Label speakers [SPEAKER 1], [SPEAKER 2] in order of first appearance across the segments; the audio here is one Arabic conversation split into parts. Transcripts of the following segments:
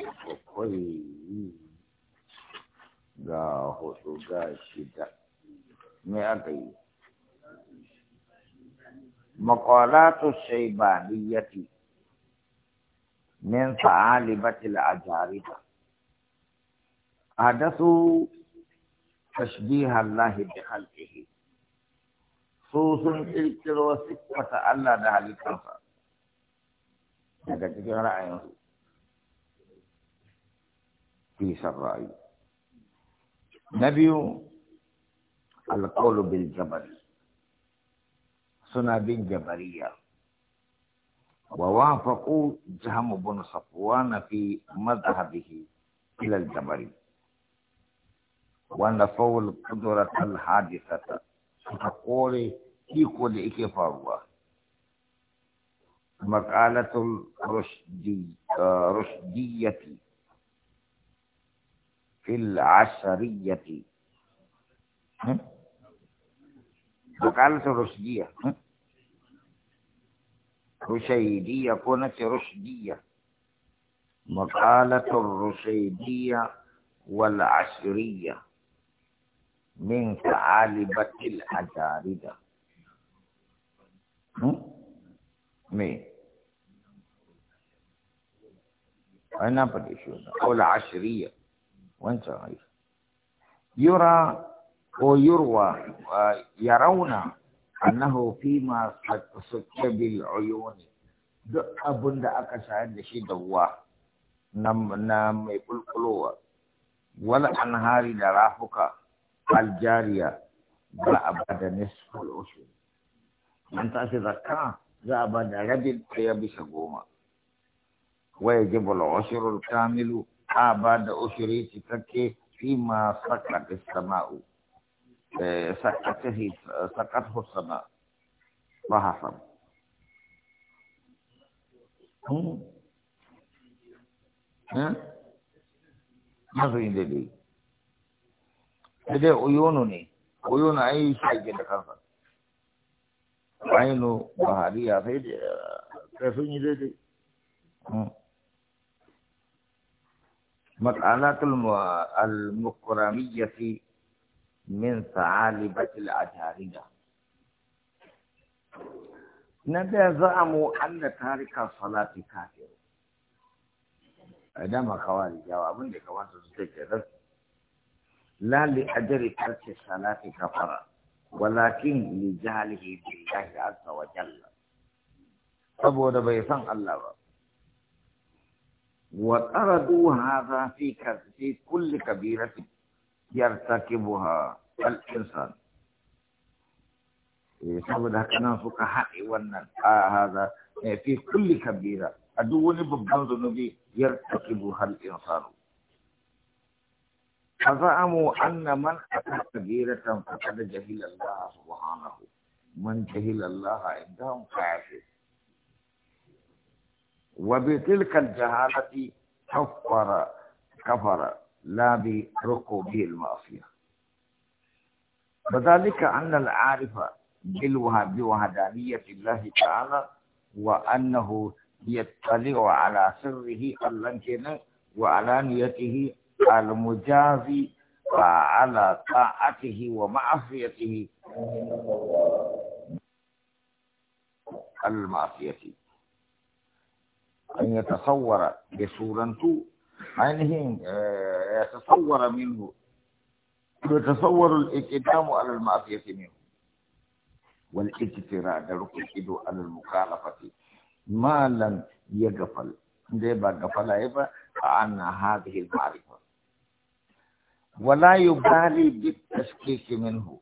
[SPEAKER 1] akwai ga hudu ga shida me aka yi makwalatu shaibaniyati min fa'alibatil ajariba حدثوا تشبيه الله بخلقه خصوصا الكر وسكوة الله ده لكفر هذا كده رأيه في سراء نبي القول بالجبر سنة بن جبرية ووافقوا جهم بن صفوان في مذهبه إلى الجبر ونفوا القدرة الحادثة تقول كيكو لإكي فاروة مقالة الرشدية آه، رشدية في العشرية وقالت رشدية رشيدية كانت رشدية مقالة الرشيدية والعشرية من ثعالبة الأجاردة مين أنا بدي شو أو العشرية wancan ai yura ko yurwa uh, yarauna annahu fi ma bil uyuni duk abin da aka shayar da shi da ruwa na mai kulkulowa an anhari da rafuka aljariya ba a ba da nisful ushur an tashi zakka za a ba da rabin ɗaya bisa goma wa yajibu al kamilu a da da ushiri cikakke fi ma sakata sama'u eh, sakat hussana ba hasan hmm. eh? mazoyin da dai da dai uyonu ne uyonu an yi ake da kansa ainihin bahariya sai da eh, sun yi daidai hmm. مسألة المكرمية من ثعالبة الأجارية نبدا زعموا أن تارك الصلاة كافر عندما قال جواب لك وانت تتجرد لا لأجر ترك الصلاة كفر ولكن لجهله بالله عز وجل saboda bai الله وأردوا هذا في كل كبيرة يرتكبها الإنسان. إيه، سبحانه كنا فقهاء ون هذا إيه، في كل كبيرة أدوني ببعض نبي يرتكبها الإنسان. فزعموا أن من أتى كبيرة فقد جهل الله سبحانه من جهل الله عندهم كافر وبتلك الجهالة كفر كفر لا بركوبه المعصية وذلك أن العارف بالوهاب بوحدانية الله تعالى وأنه يطلع على سره اللنكن وعلانيته المجازي على طاعته ومعصيته المعصية أن يتصور تو عنه يعني آه، يتصور منه يتصور الإقدام على المعصية منه والاجتراء ده على المخالفة ما لم يغفل ديبا بغفل إبا عن هذه المعرفة ولا يبالي بالتشكيك منه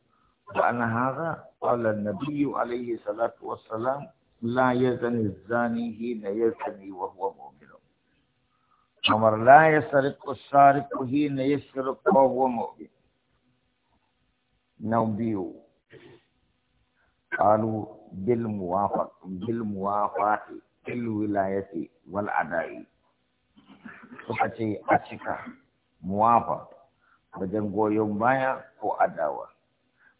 [SPEAKER 1] وأن هذا قال النبي عليه الصلاة والسلام لا يزن الزاني حين يزني وهو مؤمن عمر لا يسرق السارق حين يسرق وهو مؤمن نوبيو نعم قالوا بالموافق بالموافقة الولاية والأداء suka ce موافق cika يوم بايا goyon baya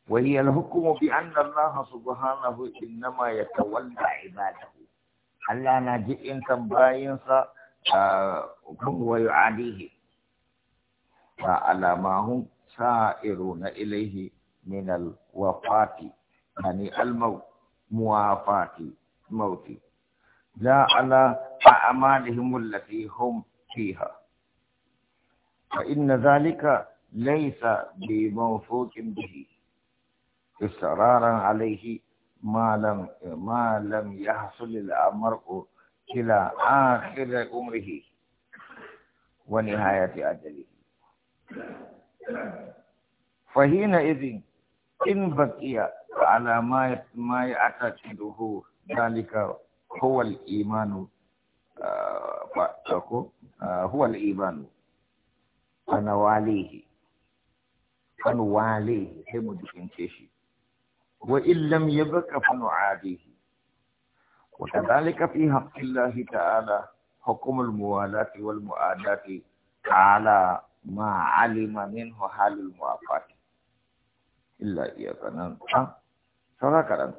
[SPEAKER 1] وهي الحكم بأن الله سبحانه إنما يتولى عباده ألا نجئ إن كان باينسا هو آه، يعاديه فعلى ما هم سائرون إليه من الوفاة يعني الموت موافاة موت لا على أعمالهم التي هم فيها فإن ذلك ليس بموثوق به إصرارا عليه ما لم ما لم يحصل المرء إلى آخر عمره ونهاية أجله فحينئذ إن بقي على ما ما يعتقده ذلك هو الإيمان آه، آه، هو الإيمان فنواليه فنواليه هم جبنتشي وإن لم يبك فنعاديه وكذلك في حق الله تعالى حكم الموالاة والمؤاداة على ما علم منه حال المعافاة إلا إياك ننسى سرى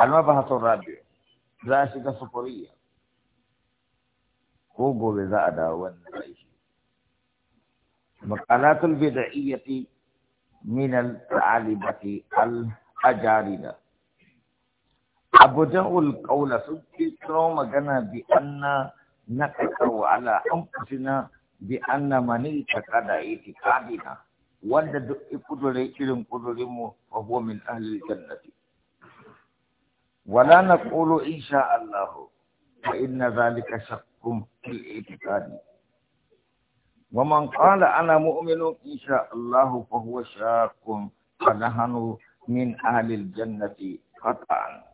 [SPEAKER 1] المبحث الرابع ذاتك سفرية ko gobe za a dawo wannan aiki. Makalatul bid'iyyati min al-ta'alibati al taalibati أجارنا أبدع القول سكتوا مجانا بأن نكتر على أنفسنا بأن من اعتقد اعتقادنا وند قدر إلم قدر فهو من أهل الجنة ولا نقول إن شاء الله فإن ذلك شق في الاعتقاد ومن قال أنا مؤمن إن شاء الله فهو شاق فنحن من أهل الجنة قطعا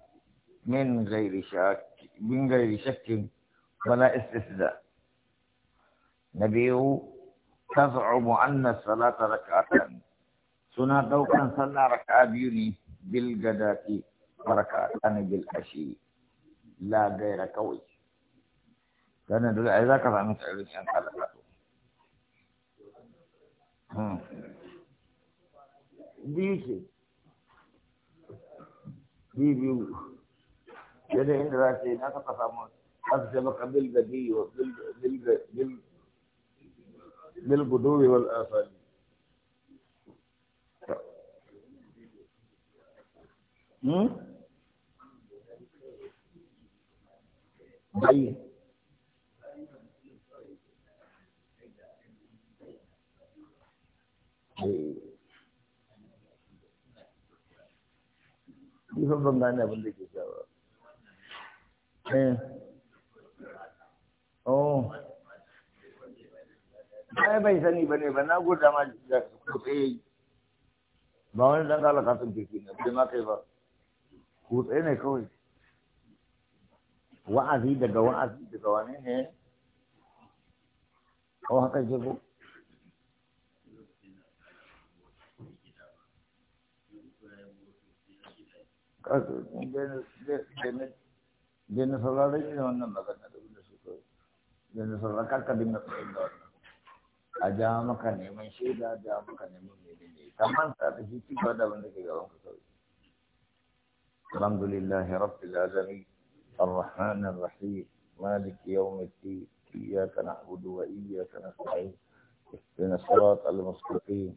[SPEAKER 1] من غير شك من غير شك ولا استثناء نبيه تزعم أن الصلاة ركعتان سنة كان صلى ركعة بيوني بالغداة وركعتان بالعشي لا غير قوي كان دول عزا كفا عليك أن خلقته بيشي biyu yadda inda za ta yi na saka samu za su ce maka bilgadi wa bilgudowi wal asali bai Hey. Ifan ban gane abin da ke jawo. Eh. Oh. Ai bai sani ba ne ba na goda ma da kutse ba wani dan kala kasan keke ne bai ma kai ba. Kutse ne kawai. Wa'azi daga wa'azi daga wani ne? Oh haka je ko? daina sauraron shi wannan da da ja maka shaida a ja maka neman mene ta da shi cigaba da wanda ke gaban ku kawai alhamdulillahi rabbil alamin الرحمن الرحيم مالك يوم الدين إياك نعبد وإياك نستعين اهدنا الصراط المستقيم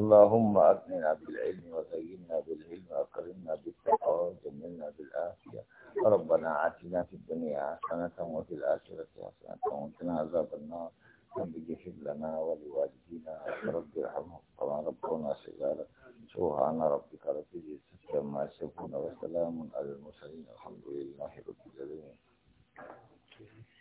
[SPEAKER 1] اللهم أغننا بالعلم وزينا بالعلم وأكرمنا بالتقوى وجملنا بالعافية ربنا آتنا في الدنيا حسنة وفي الآخرة حسنة وقنا عذاب النار رب اغفر لنا ولوالدينا رب ارحمهم كما ربنا صغارا سبحان ربك رب العزة عما يصفون وسلام على المرسلين الحمد لله رب العالمين